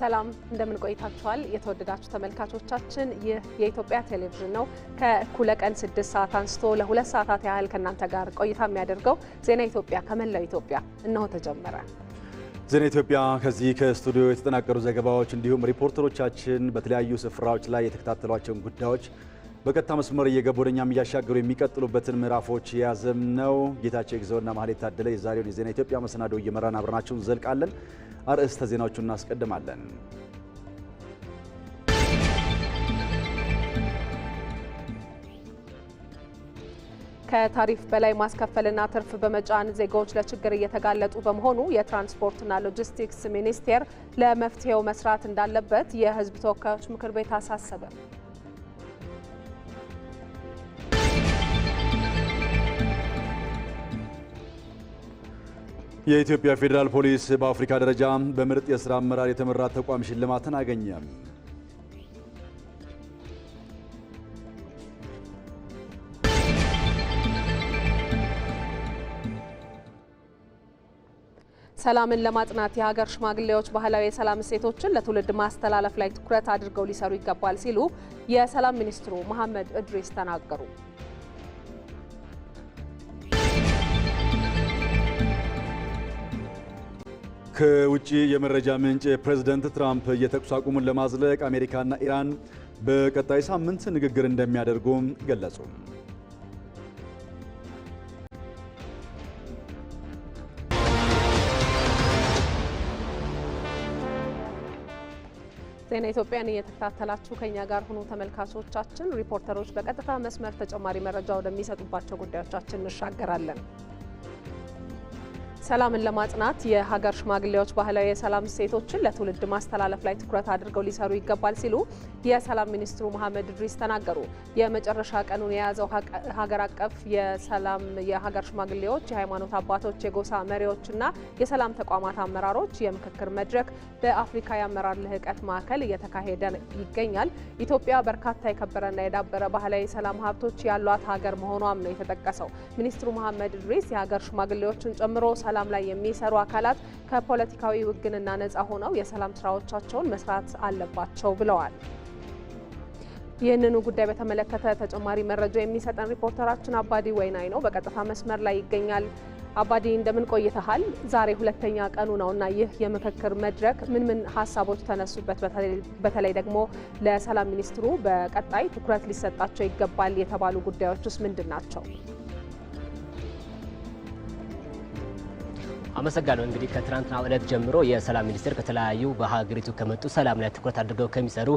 ሰላም እንደምን ቆይታችኋል? የተወደዳችሁ ተመልካቾቻችን ይህ የኢትዮጵያ ቴሌቪዥን ነው። ከእኩለ ቀን ስድስት ሰዓት አንስቶ ለሁለት ሰዓታት ያህል ከእናንተ ጋር ቆይታ የሚያደርገው ዜና ኢትዮጵያ ከመላው ኢትዮጵያ እነሆ ተጀመረ። ዜና ኢትዮጵያ ከዚህ ከስቱዲዮ የተጠናቀሩ ዘገባዎች እንዲሁም ሪፖርተሮቻችን በተለያዩ ስፍራዎች ላይ የተከታተሏቸውን ጉዳዮች በቀጥታ መስመር እየገቡ ወደኛም እያሻገሩ የሚቀጥሉበትን ምዕራፎች የያዘም ነው። ጌታቸው ግዘውና ማህሌት ታደለ የዛሬውን የዜና ኢትዮጵያ መሰናዶ እየመራን አብረናቸው ዘልቃለን። አርዕስተ ዜናዎቹን እናስቀድማለን። ከታሪፍ በላይ ማስከፈልና ትርፍ በመጫን ዜጋዎች ለችግር እየተጋለጡ በመሆኑ የትራንስፖርትና ሎጂስቲክስ ሚኒስቴር ለመፍትሄው መስራት እንዳለበት የሕዝብ ተወካዮች ምክር ቤት አሳሰበ። የኢትዮጵያ ፌዴራል ፖሊስ በአፍሪካ ደረጃ በምርጥ የሥራ አመራር የተመራ ተቋም ሽልማትን አገኘ። ሰላምን ለማጥናት የሀገር ሽማግሌዎች ባህላዊ የሰላም እሴቶችን ለትውልድ ማስተላለፍ ላይ ትኩረት አድርገው ሊሰሩ ይገባል ሲሉ የሰላም ሚኒስትሩ መሐመድ እድሪስ ተናገሩ። ከውጭ የመረጃ ምንጭ ፕሬዝደንት ትራምፕ የተኩስ አቁሙን ለማዝለቅ አሜሪካና ኢራን በቀጣይ ሳምንት ንግግር እንደሚያደርጉ ገለጹ። ዜና ኢትዮጵያን እየተከታተላችሁ ከኛ ጋር ሆኖ ተመልካቾቻችን፣ ሪፖርተሮች በቀጥታ መስመር ተጨማሪ መረጃ ወደሚሰጡባቸው ጉዳዮቻችን እንሻገራለን። ሰላምን ለማጽናት የሀገር ሽማግሌዎች ባህላዊ የሰላም እሴቶችን ለትውልድ ማስተላለፍ ላይ ትኩረት አድርገው ሊሰሩ ይገባል ሲሉ የሰላም ሚኒስትሩ መሐመድ እድሪስ ተናገሩ። የመጨረሻ ቀኑን የያዘው ሀገር አቀፍ የሰላም የሀገር ሽማግሌዎች፣ የሃይማኖት አባቶች፣ የጎሳ መሪዎችና የሰላም ተቋማት አመራሮች የምክክር መድረክ በአፍሪካ የአመራር ልህቀት ማዕከል እየተካሄደ ይገኛል። ኢትዮጵያ በርካታ የከበረና የዳበረ ባህላዊ የሰላም ሀብቶች ያሏት ሀገር መሆኗም ነው የተጠቀሰው። ሚኒስትሩ መሐመድ እድሪስ የሀገር ሽማግሌዎችን ጨምሮ በሰላም ላይ የሚሰሩ አካላት ከፖለቲካዊ ውግንና ነጻ ሆነው የሰላም ስራዎቻቸውን መስራት አለባቸው ብለዋል። ይህንኑ ጉዳይ በተመለከተ ተጨማሪ መረጃ የሚሰጠን ሪፖርተራችን አባዲ ወይናይ ነው፣ በቀጥታ መስመር ላይ ይገኛል። አባዲ እንደምን ቆይተሃል? ዛሬ ሁለተኛ ቀኑ ነው እና ይህ የምክክር መድረክ ምን ምን ሀሳቦች ተነሱበት? በተለይ ደግሞ ለሰላም ሚኒስትሩ በቀጣይ ትኩረት ሊሰጣቸው ይገባል የተባሉ ጉዳዮች ውስጥ ምንድን ናቸው? አመሰግናለሁ። እንግዲህ ከትናንትና ዕለት ጀምሮ የሰላም ሚኒስቴር ከተለያዩ በሀገሪቱ ከመጡ ሰላም ላይ ትኩረት አድርገው ከሚሰሩ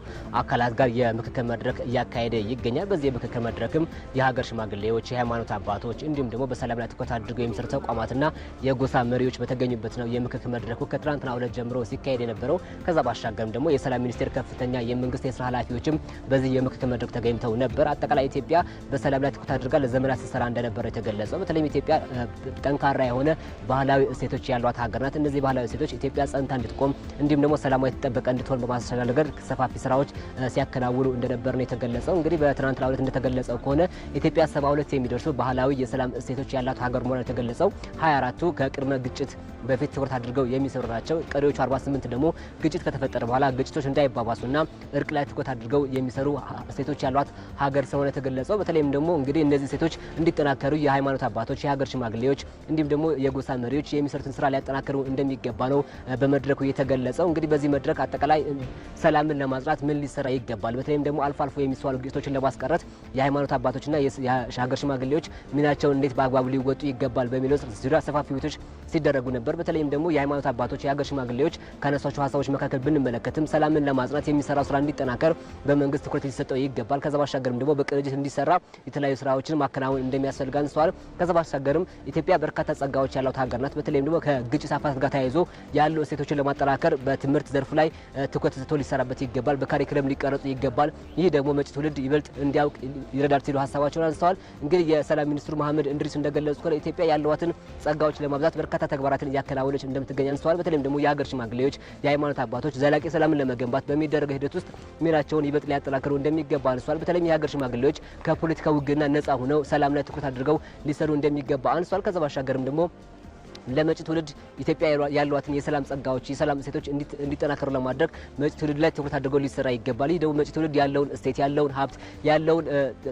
አካላት ጋር የምክክር መድረክ እያካሄደ ይገኛል። በዚህ የምክክር መድረክም የሀገር ሽማግሌዎች፣ የሃይማኖት አባቶች እንዲሁም ደግሞ በሰላም ላይ ትኩረት አድርገው የሚሰሩ ተቋማትና የጎሳ መሪዎች በተገኙበት ነው የምክክር መድረኩ ከትናንትና ዕለት ጀምሮ ሲካሄድ የነበረው። ከዛ ባሻገርም ደግሞ የሰላም ሚኒስቴር ከፍተኛ የመንግስት የስራ ኃላፊዎችም በዚህ የምክክር መድረክ ተገኝተው ነበር። አጠቃላይ ኢትዮጵያ በሰላም ላይ ትኩረት አድርጋ ለዘመናት ስትሰራ እንደነበረ የተገለጸው በተለይም ኢትዮጵያ ጠንካራ የሆነ ባህላዊ እሴት እሴቶች ያሏት ሀገር ናት። እነዚህ ባህላዊ እሴቶች ኢትዮጵያ ጸንታ እንድትቆም እንዲሁም ደግሞ ሰላማዊ የተጠበቀ እንድትሆን በማስቻል ነገር ሰፋፊ ስራዎች ሲያከናውኑ እንደነበር ነው የተገለጸው። እንግዲህ በትናንትናው ዕለት እንደተገለጸው ከሆነ ኢትዮጵያ ሰባ ሁለት የሚደርሱ ባህላዊ የሰላም እሴቶች ያላት ሀገር መሆኗ የተገለጸው 24ቱ ከቅድመ ግጭት በፊት ትኩረት አድርገው የሚሰሩ ናቸው። ቀሪዎቹ 48 ደግሞ ግጭት ከተፈጠረ በኋላ ግጭቶች እንዳይባባሱና እርቅ ላይ ትኩረት አድርገው የሚሰሩ ሴቶች ያሏት ሀገር ስለሆነ የተገለጸው። በተለይም ደግሞ እንግዲህ እነዚህ ሴቶች እንዲጠናከሩ የሃይማኖት አባቶች፣ የሀገር ሽማግሌዎች እንዲሁም ደግሞ የጎሳ መሪዎች የሚሰሩ የትርትን ስራ ሊያጠናክሩ እንደሚገባ ነው በመድረኩ የተገለጸው። እንግዲህ በዚህ መድረክ አጠቃላይ ሰላምን ለማጽናት ምን ሊሰራ ይገባል፣ በተለይም ደግሞ አልፎ አልፎ የሚስተዋሉ ግጭቶችን ለማስቀረት የሃይማኖት አባቶችና የሀገር ሽማግሌዎች ሚናቸውን እንዴት በአግባቡ ሊወጡ ይገባል በሚለው ዙሪያ ሰፋፊ ውይይቶች ሲደረጉ ነበር። በተለይም ደግሞ የሃይማኖት አባቶች፣ የሀገር ሽማግሌዎች ካነሷቸው ሀሳቦች መካከል ብንመለከትም ሰላምን ለማጽናት የሚሰራ ስራ እንዲጠናከር በመንግስት ትኩረት ሊሰጠው ይገባል። ከዛ ባሻገርም ደግሞ በቅርጅት እንዲሰራ የተለያዩ ስራዎችን ማከናወን እንደሚያስፈልግ አንስተዋል። ከዛ ባሻገርም ኢትዮጵያ በርካታ ጸጋዎች ያላት ሀገር ናት። በተለይም ደግሞ ከግጭት አፈታት ጋር ተያይዞ ያሉ እሴቶችን ለማጠናከር በትምህርት ዘርፍ ላይ ትኩረት ሰጥቶ ሊሰራበት ይገባል። በካሪክለም ሊቀረጹ ይገባል። ይህ ደግሞ መጪ ትውልድ ይበልጥ እንዲያውቅ ይረዳል ሲሉ ሀሳባቸውን አንስተዋል። እንግዲህ የሰላም ሚኒስትሩ መሀመድ እንድሪስ እንደገለጹ ከሆነ ኢትዮጵያ ያለዋትን ጸጋዎች ለማብዛት በርካታ በርካታ ተግባራትን እያከናወነች እንደምትገኝ አንስተዋል። በተለይም ደግሞ የሀገር ሽማግሌዎች፣ የሃይማኖት አባቶች ዘላቂ ሰላምን ለመገንባት በሚደረገው ሂደት ውስጥ ሚናቸውን ይበጥ ሊያጠናክሩ እንደሚገባ አንስተዋል። በተለይም የሀገር ሽማግሌዎች ከፖለቲካ ውግና ነጻ ሆነው ሰላም ላይ ትኩረት አድርገው ሊሰሩ እንደሚገባ አንስተዋል። ከዛ ባሻገርም ደግሞ ለመጪ ትውልድ ኢትዮጵያ ያሏትን የሰላም ጸጋዎች፣ የሰላም እሴቶች እንዲጠናከሩ ለማድረግ መጪ ትውልድ ላይ ትኩረት አድርገው ሊሰራ ይገባል። ይህ ደግሞ መጪ ትውልድ ያለውን እሴት ያለውን ሀብት ያለውን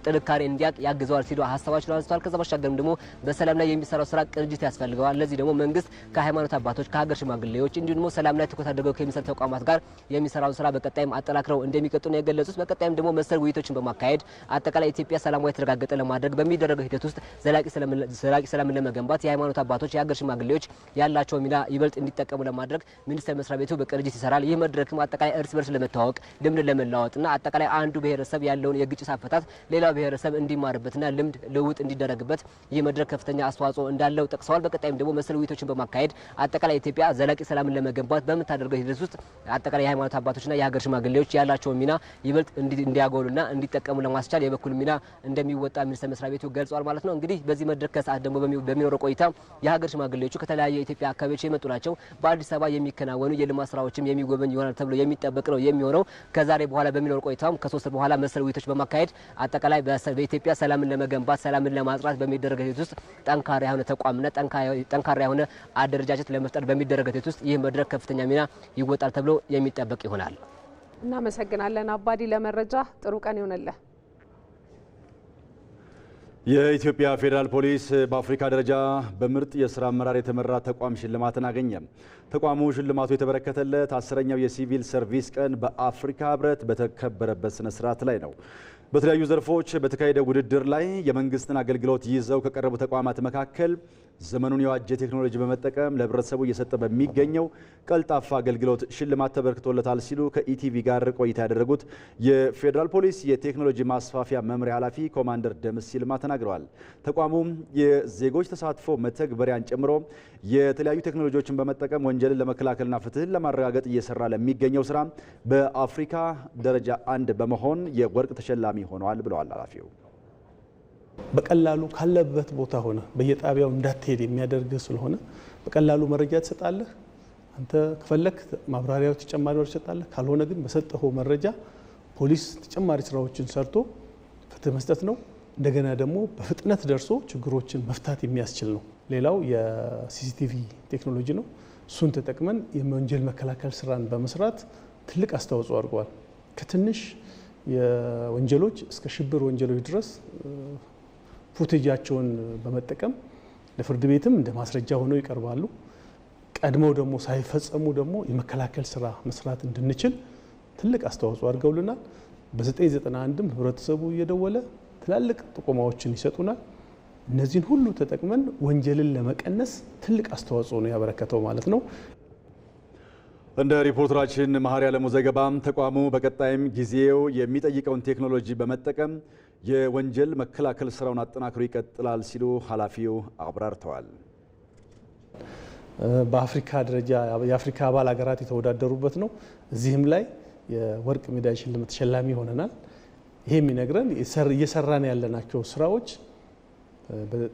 ጥንካሬ እንዲያቅ ያግዘዋል ሲሉ ሀሳባቸውን አንስተዋል። ከዛ ባሻገርም ደግሞ በሰላም ላይ የሚሰራው ስራ ቅንጅት ያስፈልገዋል። ለዚህ ደግሞ መንግስት ከሃይማኖት አባቶች፣ ከሀገር ሽማግሌዎች እንዲሁም ደግሞ ሰላም ላይ ትኩረት አድርገው ከሚሰሩ ተቋማት ጋር የሚሰራውን ስራ በቀጣይም አጠናክረው እንደሚቀጡ ነው የገለጹት። በቀጣይም ደግሞ መሰል ውይይቶችን በማካሄድ አጠቃላይ ኢትዮጵያ ሰላሟ የተረጋገጠ ለማድረግ በሚደረገው ሂደት ውስጥ ዘላቂ ሰላምን ለመገንባት የሃይማኖት አባቶች፣ የሀገር ሽማግሌ ሽማግሌዎች ያላቸው ሚና ይበልጥ እንዲጠቀሙ ለማድረግ ሚኒስቴር መስሪያ ቤቱ በቅርጅት ይሰራል። ይህ መድረክም አጠቃላይ እርስ በርስ ለመተዋወቅ ልምድ ለመለዋወጥና አጠቃላይ አንዱ ብሔረሰብ ያለውን የግጭት አፈታት ሌላው ብሔረሰብ እንዲማርበትና ልምድ ልውጥ እንዲደረግበት ይህ መድረክ ከፍተኛ አስተዋጽኦ እንዳለው ጠቅሰዋል። በቀጣይም ደግሞ መሰል ውይይቶችን በማካሄድ አጠቃላይ ኢትዮጵያ ዘላቂ ሰላምን ለመገንባት በምታደርገው ሂደት ውስጥ አጠቃላይ የሃይማኖት አባቶችና የሀገር ሽማግሌዎች ያላቸውን ሚና ይበልጥ እንዲያጎሉና እንዲጠቀሙ ለማስቻል የበኩል ሚና እንደሚወጣ ሚኒስቴር መስሪያ ቤቱ ገልጿል ማለት ነው። እንግዲህ በዚህ መድረክ ከሰዓት ደግሞ በሚኖረው ቆይታ የሀገር ሽማግሌዎች ተወካዮቹ ከተለያዩ የኢትዮጵያ አካባቢዎች የመጡ ናቸው። በአዲስ አበባ የሚከናወኑ የልማት ስራዎችም የሚጎበኝ ይሆናል ተብሎ የሚጠበቅ ነው የሚሆነው። ከዛሬ በኋላ በሚኖር ቆይታም ከሶስት በኋላ መሰል ውይይቶች በማካሄድ አጠቃላይ በኢትዮጵያ ሰላምን ለመገንባት ሰላምን ለማጽናት በሚደረገ ሂደት ውስጥ ጠንካራ የሆነ ተቋምና ጠንካራ የሆነ አደረጃጀት ለመፍጠር በሚደረገ ሂደት ውስጥ ይህ መድረክ ከፍተኛ ሚና ይወጣል ተብሎ የሚጠበቅ ይሆናል። እናመሰግናለን አባዲ ለመረጃ ጥሩ ቀን ይሆንልህ። የኢትዮጵያ ፌዴራል ፖሊስ በአፍሪካ ደረጃ በምርጥ የስራ አመራር የተመራ ተቋም ሽልማትን አገኘ። ተቋሙ ሽልማቱ የተበረከተለት አስረኛው የሲቪል ሰርቪስ ቀን በአፍሪካ ህብረት በተከበረበት ስነ ስርዓት ላይ ነው። በተለያዩ ዘርፎች በተካሄደ ውድድር ላይ የመንግስትን አገልግሎት ይዘው ከቀረቡ ተቋማት መካከል ዘመኑን የዋጀ ቴክኖሎጂ በመጠቀም ለህብረተሰቡ እየሰጠ በሚገኘው ቀልጣፋ አገልግሎት ሽልማት ተበርክቶለታል ሲሉ ከኢቲቪ ጋር ቆይታ ያደረጉት የፌዴራል ፖሊስ የቴክኖሎጂ ማስፋፊያ መምሪያ ኃላፊ ኮማንደር ደምስ ሲልማ ተናግረዋል። ተቋሙም የዜጎች ተሳትፎ መተግበሪያን ጨምሮ የተለያዩ ቴክኖሎጂዎችን በመጠቀም ወንጀልን ለመከላከልና ፍትህን ለማረጋገጥ እየሰራ ለሚገኘው ስራ በአፍሪካ ደረጃ አንድ በመሆን የወርቅ ተሸላሚ ጠቃሚ ሆነዋል ብለዋል ኃላፊው። በቀላሉ ካለበት ቦታ ሆነ በየጣቢያው እንዳትሄድ የሚያደርግ ስለሆነ በቀላሉ መረጃ ትሰጣለህ። አንተ ከፈለክ ማብራሪያዎች ተጨማሪ ትሰጣለህ። ካልሆነ ግን በሰጠኸው መረጃ ፖሊስ ተጨማሪ ስራዎችን ሰርቶ ፍትህ መስጠት ነው። እንደገና ደግሞ በፍጥነት ደርሶ ችግሮችን መፍታት የሚያስችል ነው። ሌላው የሲሲቲቪ ቴክኖሎጂ ነው። እሱን ተጠቅመን የወንጀል መከላከል ስራን በመስራት ትልቅ አስተዋጽኦ አድርገዋል። ከትንሽ የወንጀሎች እስከ ሽብር ወንጀሎች ድረስ ፉቴጃቸውን በመጠቀም ለፍርድ ቤትም እንደ ማስረጃ ሆነው ይቀርባሉ። ቀድመው ደግሞ ሳይፈጸሙ ደግሞ የመከላከል ስራ መስራት እንድንችል ትልቅ አስተዋጽኦ አድርገውልናል። በ991ም ህብረተሰቡ እየደወለ ትላልቅ ጥቆማዎችን ይሰጡናል። እነዚህን ሁሉ ተጠቅመን ወንጀልን ለመቀነስ ትልቅ አስተዋጽኦ ነው ያበረከተው ማለት ነው። እንደ ሪፖርተራችን መሐሪ ያለሙ ዘገባም ተቋሙ በቀጣይም ጊዜው የሚጠይቀውን ቴክኖሎጂ በመጠቀም የወንጀል መከላከል ስራውን አጠናክሮ ይቀጥላል ሲሉ ኃላፊው አብራርተዋል። በአፍሪካ ደረጃ የአፍሪካ አባል ሀገራት የተወዳደሩበት ነው። እዚህም ላይ የወርቅ ሜዳሊያ ሽልማት ተሸላሚ ሆነናል። ይሄ የሚነግረን እየሰራን ያለናቸው ስራዎች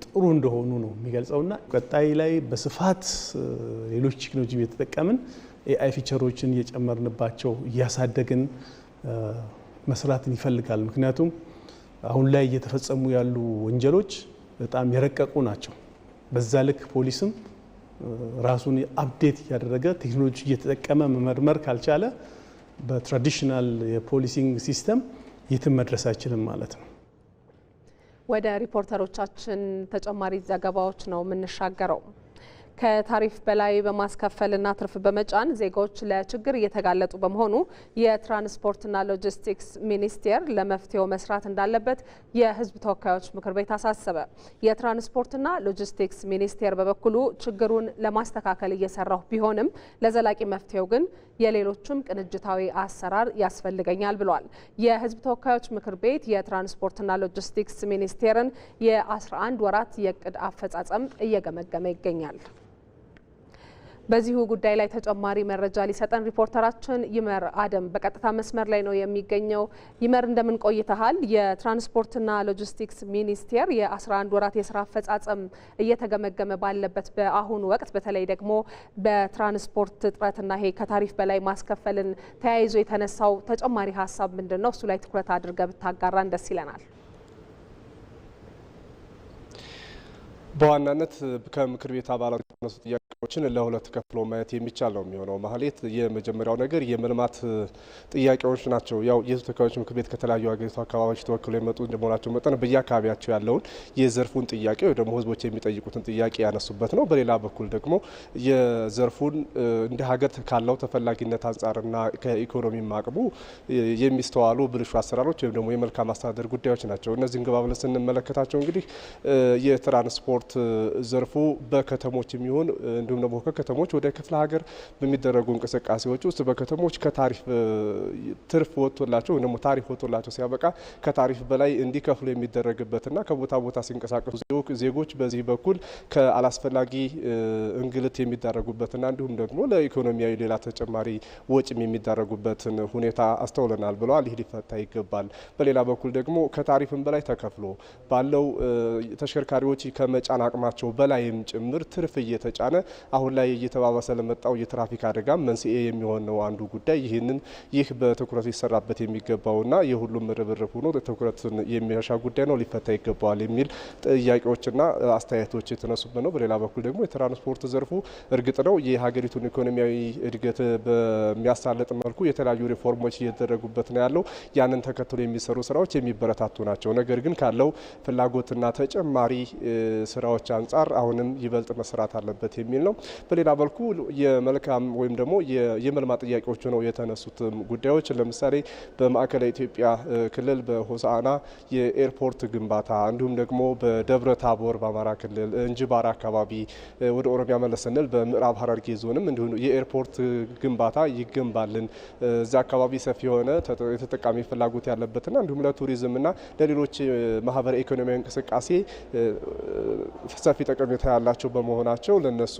ጥሩ እንደሆኑ ነው የሚገልጸውና ቀጣይ ላይ በስፋት ሌሎች ቴክኖሎጂ እየተጠቀምን ኤአይ ፊቸሮችን እየጨመርንባቸው እያሳደግን መስራትን ይፈልጋል። ምክንያቱም አሁን ላይ እየተፈጸሙ ያሉ ወንጀሎች በጣም የረቀቁ ናቸው። በዛ ልክ ፖሊስም ራሱን አፕዴት እያደረገ ቴክኖሎጂ እየተጠቀመ መመርመር ካልቻለ በትራዲሽናል የፖሊሲንግ ሲስተም የትም መድረስ አይችልም ማለት ነው። ወደ ሪፖርተሮቻችን ተጨማሪ ዘገባዎች ነው የምንሻገረው። ከታሪፍ በላይ በማስከፈልና ትርፍ በመጫን ዜጎች ለችግር እየተጋለጡ በመሆኑ የትራንስፖርትና ሎጂስቲክስ ሚኒስቴር ለመፍትሄው መስራት እንዳለበት የሕዝብ ተወካዮች ምክር ቤት አሳሰበ። የትራንስፖርትና ሎጂስቲክስ ሚኒስቴር በበኩሉ ችግሩን ለማስተካከል እየሰራሁ ቢሆንም ለዘላቂ መፍትሄው ግን የሌሎችም ቅንጅታዊ አሰራር ያስፈልገኛል ብሏል። የሕዝብ ተወካዮች ምክር ቤት የትራንስፖርትና ሎጂስቲክስ ሚኒስቴርን የ11 ወራት የእቅድ አፈጻጸም እየገመገመ ይገኛል። በዚሁ ጉዳይ ላይ ተጨማሪ መረጃ ሊሰጠን ሪፖርተራችን ይመር አደም በቀጥታ መስመር ላይ ነው የሚገኘው። ይመር እንደምን ቆይተሃል? የትራንስፖርትና ሎጂስቲክስ ሚኒስቴር የ11 ወራት የስራ አፈጻጸም እየተገመገመ ባለበት በአሁኑ ወቅት በተለይ ደግሞ በትራንስፖርት እጥረትና ይሄ ከታሪፍ በላይ ማስከፈልን ተያይዞ የተነሳው ተጨማሪ ሀሳብ ምንድን ነው? እሱ ላይ ትኩረት አድርገ ብታጋራን ደስ ይለናል። በዋናነት ከምክር ቤት አባላት ያነሱ ጥያቄ ጥያቄዎችን ለሁለት ከፍሎ ማየት የሚቻል ነው የሚሆነው። ማህሌት የመጀመሪያው ነገር የመልማት ጥያቄዎች ናቸው። ያው የህዝብ ተወካዮች ምክር ቤት ከተለያዩ ሀገሪቱ አካባቢዎች ተወክሎ የመጡ እንደመሆናቸው መጠን በየአካባቢያቸው ያለውን የዘርፉን ጥያቄ ወይ ደግሞ ህዝቦች የሚጠይቁትን ጥያቄ ያነሱበት ነው። በሌላ በኩል ደግሞ የዘርፉን እንደ ሀገር ካለው ተፈላጊነት አንጻርና ከኢኮኖሚ አቅሙ የሚስተዋሉ ብልሹ አሰራሮች ወይም ደግሞ የመልካም አስተዳደር ጉዳዮች ናቸው። እነዚህን ገባ ብለን ስንመለከታቸው እንግዲህ የትራንስፖርት ዘርፉ በከተሞች የሚሆን እንዲሁ እንዲሁም ደግሞ ከከተሞች ወደ ክፍለ ሀገር በሚደረጉ እንቅስቃሴዎች ውስጥ በከተሞች ከታሪፍ ትርፍ ወጥቶላቸው ወይም ደግሞ ታሪፍ ወጥቶላቸው ሲያበቃ ከታሪፍ በላይ እንዲከፍሉ የሚደረግበትና ከቦታ ቦታ ሲንቀሳቀሱ ዜጎች በዚህ በኩል ከአላስፈላጊ እንግልት የሚዳረጉበትና እንዲሁም ደግሞ ለኢኮኖሚያዊ ሌላ ተጨማሪ ወጪም የሚዳረጉበትን ሁኔታ አስተውለናል ብለዋል። ይህ ሊፈታ ይገባል። በሌላ በኩል ደግሞ ከታሪፍም በላይ ተከፍሎ ባለው ተሽከርካሪዎች ከመጫን አቅማቸው በላይም ጭምር ትርፍ እየተጫነ አሁን ላይ እየተባባሰ ለመጣው የትራፊክ አደጋ መንስኤ የሚሆን ነው አንዱ ጉዳይ። ይህንን ይህ በትኩረት ሊሰራበት የሚገባውና የሁሉም ርብርብ ሆኖ ትኩረትን የሚሻ ጉዳይ ነው፣ ሊፈታ ይገባዋል የሚል ጥያቄዎችና አስተያየቶች የተነሱበት ነው። በሌላ በኩል ደግሞ የትራንስፖርት ዘርፉ እርግጥ ነው የሀገሪቱን ኢኮኖሚያዊ እድገት በሚያሳለጥ መልኩ የተለያዩ ሪፎርሞች እየተደረጉበት ነው ያለው። ያንን ተከትሎ የሚሰሩ ስራዎች የሚበረታቱ ናቸው። ነገር ግን ካለው ፍላጎትና ተጨማሪ ስራዎች አንጻር አሁንም ይበልጥ መስራት አለበት የሚል ነው። በሌላ በልኩ የመልካም ወይም ደግሞ የመልማ ጥያቄዎቹ ነው የተነሱት ጉዳዮች ለምሳሌ በማዕከላዊ ኢትዮጵያ ክልል በሆሳአና የኤርፖርት ግንባታ እንዲሁም ደግሞ በደብረ ታቦር በአማራ ክልል እንጅባራ አካባቢ ወደ ኦሮሚያ መለስ ስንል በምዕራብ ሐረርጌ ዞንም እንዲሁም የኤርፖርት ግንባታ ይገንባልን እዚ አካባቢ ሰፊ የሆነ የተጠቃሚ ፍላጎት ያለበትና እንዲሁም ለቱሪዝምና ለሌሎች ማህበረ ኢኮኖሚያዊ እንቅስቃሴ ሰፊ ጠቀሜታ ያላቸው በመሆናቸው ለነሱ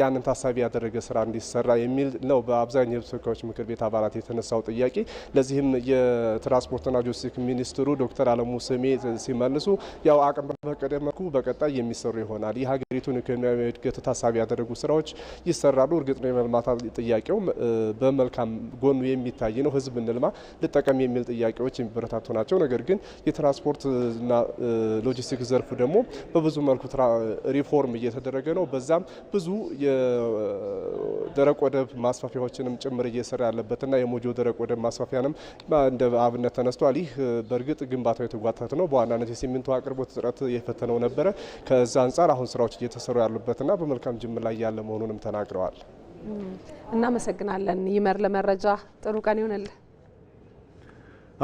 ያንን ታሳቢ ያደረገ ስራ እንዲሰራ የሚል ነው በአብዛኛው የህዝብ ተወካዮች ምክር ቤት አባላት የተነሳው ጥያቄ። ለዚህም የትራንስፖርትና ሎጂስቲክስ ሚኒስትሩ ዶክተር አለሙ ስሜ ሲመልሱ ያው አቅም በፈቀደ መልኩ በቀጣይ የሚሰሩ ይሆናል። የሀገሪቱን ኢኮኖሚያዊ እድገት ታሳቢ ያደረጉ ስራዎች ይሰራሉ። እርግጥ ነው የመልማት ጥያቄው በመልካም ጎኑ የሚታይ ነው። ህዝብ እንልማ ልጠቀም የሚል ጥያቄዎች የሚበረታቱ ናቸው። ነገር ግን የትራንስፖርትና ሎጂስቲክስ ዘርፉ ደግሞ በብዙ መልኩ ሪፎርም እየተደረገ ነው። በዛም ብዙ ብዙ የደረቅ ወደብ ማስፋፊያዎችንም ጭምር እየሰራ ያለበትና የሞጆ ደረቅ ወደብ ማስፋፊያንም እንደ አብነት ተነስቷል። ይህ በእርግጥ ግንባታው የተጓተተ ነው። በዋናነት የሲሚንቶ አቅርቦት እጥረት የፈተነው ነበረ። ከዛ አንጻር አሁን ስራዎች እየተሰሩ ያሉበትና በመልካም ጅምር ላይ ያለ መሆኑንም ተናግረዋል። እናመሰግናለን ይመር ለመረጃ ጥሩ ቀን ይሆንልህ።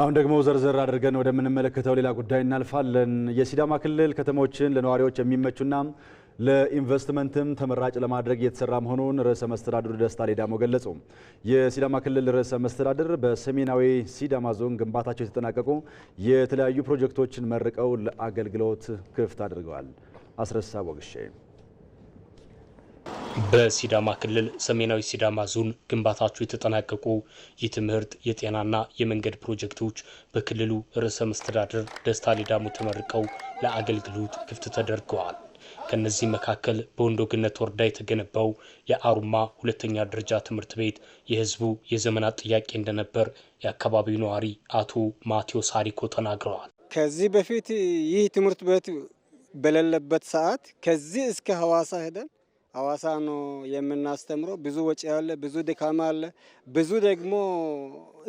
አሁን ደግሞ ዘርዘር አድርገን ወደምንመለከተው ሌላ ጉዳይ እናልፋለን። የሲዳማ ክልል ከተሞችን ለነዋሪዎች የሚመቹና ለኢንቨስትመንትም ተመራጭ ለማድረግ የተሰራ መሆኑን ርዕሰ መስተዳድሩ ደስታ ሌዳሞ ገለጹ። የሲዳማ ክልል ርዕሰ መስተዳድር በሰሜናዊ ሲዳማ ዞን ግንባታቸው የተጠናቀቁ የተለያዩ ፕሮጀክቶችን መርቀው ለአገልግሎት ክፍት አድርገዋል። አስረሳ ወግሼ በሲዳማ ክልል ሰሜናዊ ሲዳማ ዞን ግንባታቸው የተጠናቀቁ የትምህርት የጤናና የመንገድ ፕሮጀክቶች በክልሉ ርዕሰ መስተዳድር ደስታ ሌዳሞ ተመርቀው ለአገልግሎት ክፍት ተደርገዋል። ከነዚህ መካከል በወንዶ ወርዳ ወረዳ የተገነባው የአሩማ ሁለተኛ ደረጃ ትምህርት ቤት የህዝቡ የዘመናት ጥያቄ እንደነበር የአካባቢው ነዋሪ አቶ ማቴዎስ አሪኮ ተናግረዋል። ከዚህ በፊት ይህ ትምህርት ቤት በሌለበት ሰዓት ከዚህ እስከ ሀዋሳ ሄደን ሀዋሳ ነው የምናስተምረው። ብዙ ወጪ አለ፣ ብዙ ድካም አለ፣ ብዙ ደግሞ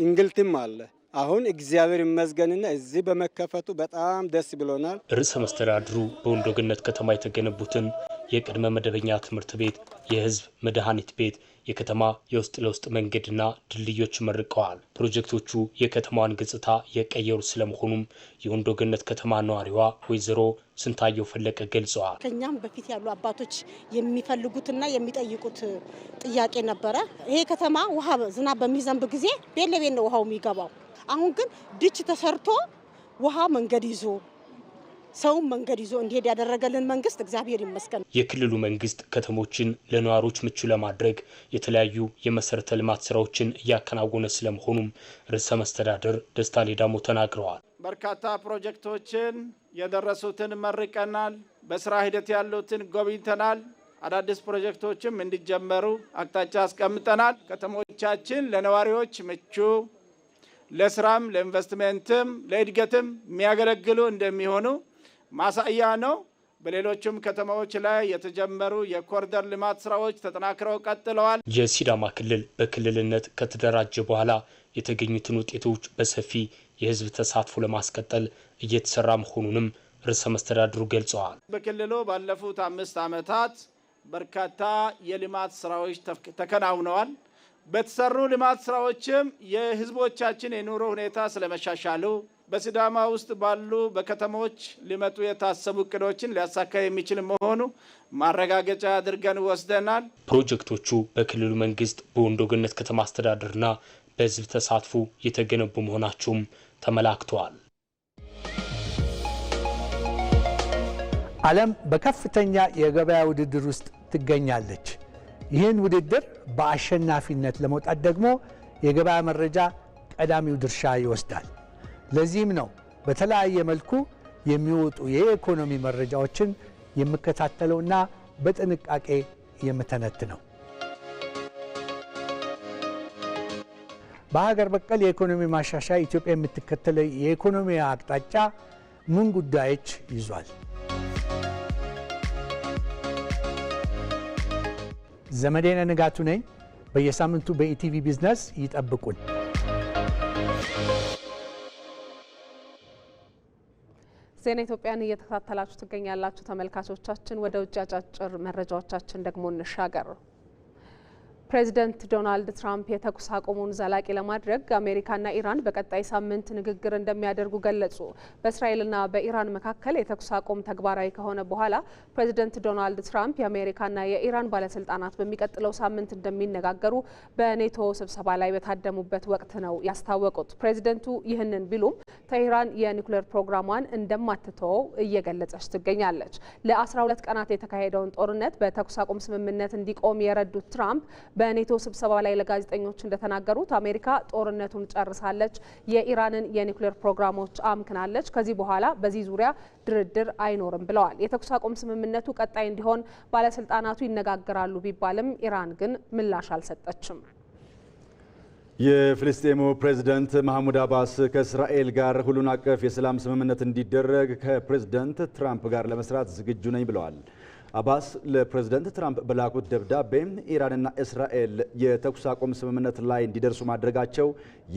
እንግልትም አለ። አሁን እግዚአብሔር ይመስገንና እዚህ በመከፈቱ በጣም ደስ ብሎናል። ርዕሰ መስተዳድሩ በወንዶ ገነት ከተማ የተገነቡትን የቅድመ መደበኛ ትምህርት ቤት፣ የህዝብ መድኃኒት ቤት፣ የከተማ የውስጥ ለውስጥ መንገድና ድልድዮች መርቀዋል። ፕሮጀክቶቹ የከተማዋን ገጽታ የቀየሩ ስለመሆኑም የወንዶ ገነት ከተማ ነዋሪዋ ወይዘሮ ስንታየው ፈለቀ ገልጸዋል። ከኛም በፊት ያሉ አባቶች የሚፈልጉትና የሚጠይቁት ጥያቄ ነበረ። ይሄ ከተማ ውሃ ዝናብ በሚዘንብ ጊዜ ቤት ለቤት ነው ውሃው የሚገባው አሁን ግን ድች ተሰርቶ ውሃ መንገድ ይዞ ሰውም መንገድ ይዞ እንዲሄድ ያደረገልን መንግስት እግዚአብሔር ይመስገን። የክልሉ መንግስት ከተሞችን ለነዋሪዎች ምቹ ለማድረግ የተለያዩ የመሰረተ ልማት ስራዎችን እያከናወነ ስለመሆኑም ርዕሰ መስተዳደር ደስታ ሌዳሞ ተናግረዋል። በርካታ ፕሮጀክቶችን የደረሱትን መርቀናል፣ በስራ ሂደት ያሉትን ጎብኝተናል። አዳዲስ ፕሮጀክቶችም እንዲጀመሩ አቅጣጫ አስቀምጠናል። ከተሞቻችን ለነዋሪዎች ምቹ ለስራም ለኢንቨስትመንትም ለእድገትም የሚያገለግሉ እንደሚሆኑ ማሳያ ነው። በሌሎችም ከተማዎች ላይ የተጀመሩ የኮሪደር ልማት ስራዎች ተጠናክረው ቀጥለዋል። የሲዳማ ክልል በክልልነት ከተደራጀ በኋላ የተገኙትን ውጤቶች በሰፊ የህዝብ ተሳትፎ ለማስቀጠል እየተሰራ መሆኑንም ርዕሰ መስተዳድሩ ገልጸዋል። በክልሉ ባለፉት አምስት ዓመታት በርካታ የልማት ስራዎች ተከናውነዋል። በተሰሩ ልማት ስራዎችም የህዝቦቻችን የኑሮ ሁኔታ ስለመሻሻሉ በሲዳማ ውስጥ ባሉ በከተሞች ሊመጡ የታሰቡ እቅዶችን ሊያሳካ የሚችል መሆኑ ማረጋገጫ አድርገን ወስደናል። ፕሮጀክቶቹ በክልሉ መንግስት በወንዶ ገነት ከተማ አስተዳደርና በህዝብ ተሳትፎ የተገነቡ መሆናቸውም ተመላክተዋል። ዓለም በከፍተኛ የገበያ ውድድር ውስጥ ትገኛለች። ይህን ውድድር በአሸናፊነት ለመውጣት ደግሞ የገበያ መረጃ ቀዳሚው ድርሻ ይወስዳል። ለዚህም ነው በተለያየ መልኩ የሚወጡ የኢኮኖሚ መረጃዎችን የምከታተለውና በጥንቃቄ የምተነትነው። በሀገር በቀል የኢኮኖሚ ማሻሻያ ኢትዮጵያ የምትከተለው የኢኮኖሚ አቅጣጫ ምን ጉዳዮች ይዟል? ዘመዴነ ንጋቱ ነኝ። በየሳምንቱ በኢቲቪ ቢዝነስ ይጠብቁን። ዜና ኢትዮጵያን እየተከታተላችሁ ትገኛላችሁ ተመልካቾቻችን። ወደ ውጭ አጫጭር መረጃዎቻችን ደግሞ እንሻገር። ፕሬዚደንት ዶናልድ ትራምፕ የተኩስ አቁሙን ዘላቂ ለማድረግ አሜሪካና ኢራን በቀጣይ ሳምንት ንግግር እንደሚያደርጉ ገለጹ። በእስራኤልና በኢራን መካከል የተኩስ አቁም ተግባራዊ ከሆነ በኋላ ፕሬዚደንት ዶናልድ ትራምፕ የአሜሪካና የኢራን ባለስልጣናት በሚቀጥለው ሳምንት እንደሚነጋገሩ በኔቶ ስብሰባ ላይ በታደሙበት ወቅት ነው ያስታወቁት። ፕሬዚደንቱ ይህንን ቢሉም ቴህራን የኒኩሌር ፕሮግራሟን እንደማትተው እየገለጸች ትገኛለች። ለ12 ቀናት የተካሄደውን ጦርነት በተኩስ አቁም ስምምነት እንዲቆም የረዱት ትራምፕ በኔቶ ስብሰባ ላይ ለጋዜጠኞች እንደተናገሩት አሜሪካ ጦርነቱን ጨርሳለች፣ የኢራንን የኒውክሌር ፕሮግራሞች አምክናለች፣ ከዚህ በኋላ በዚህ ዙሪያ ድርድር አይኖርም ብለዋል። የተኩስ አቁም ስምምነቱ ቀጣይ እንዲሆን ባለስልጣናቱ ይነጋገራሉ ቢባልም ኢራን ግን ምላሽ አልሰጠችም። የፍልስጤሙ ፕሬዝደንት ማህሙድ አባስ ከእስራኤል ጋር ሁሉን አቀፍ የሰላም ስምምነት እንዲደረግ ከፕሬዝደንት ትራምፕ ጋር ለመስራት ዝግጁ ነኝ ብለዋል። አባስ ለፕሬዝደንት ትራምፕ በላኩት ደብዳቤ ኢራንና እስራኤል የተኩስ አቁም ስምምነት ላይ እንዲደርሱ ማድረጋቸው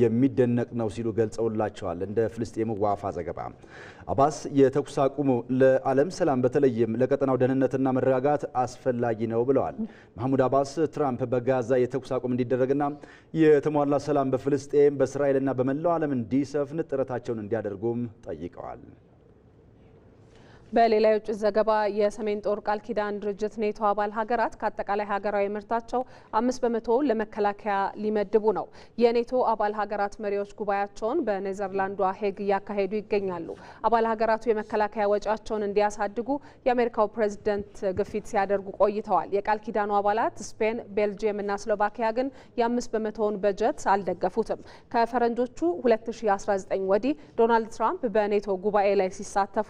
የሚደነቅ ነው ሲሉ ገልጸውላቸዋል። እንደ ፍልስጤሙ ዋፋ ዘገባ አባስ የተኩስ አቁሙ ለዓለም ሰላም በተለይም ለቀጠናው ደህንነትና መረጋጋት አስፈላጊ ነው ብለዋል። መሐሙድ አባስ ትራምፕ በጋዛ የተኩስ አቁም እንዲደረግና የተሟላ ሰላም በፍልስጤም በእስራኤልና በመላው ዓለም እንዲሰፍን ጥረታቸውን እንዲያደርጉም ጠይቀዋል። በሌላ የውጭ ዘገባ የሰሜን ጦር ቃል ኪዳን ድርጅት ኔቶ አባል ሀገራት ከአጠቃላይ ሀገራዊ ምርታቸው አምስት በመቶ ለመከላከያ ሊመድቡ ነው። የኔቶ አባል ሀገራት መሪዎች ጉባኤያቸውን በኔዘርላንዷ ሄግ እያካሄዱ ይገኛሉ። አባል ሀገራቱ የመከላከያ ወጪያቸውን እንዲያሳድጉ የአሜሪካው ፕሬዝደንት ግፊት ሲያደርጉ ቆይተዋል። የቃል ኪዳኑ አባላት ስፔን፣ ቤልጅየም እና ስሎቫኪያ ግን የአምስት በመቶውን በጀት አልደገፉትም። ከፈረንጆቹ 2019 ወዲህ ዶናልድ ትራምፕ በኔቶ ጉባኤ ላይ ሲሳተፉ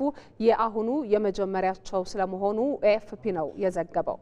የአሁኑ የመጀመሪያቸው ስለመሆኑ ኤኤፍፒ ነው የዘገበው።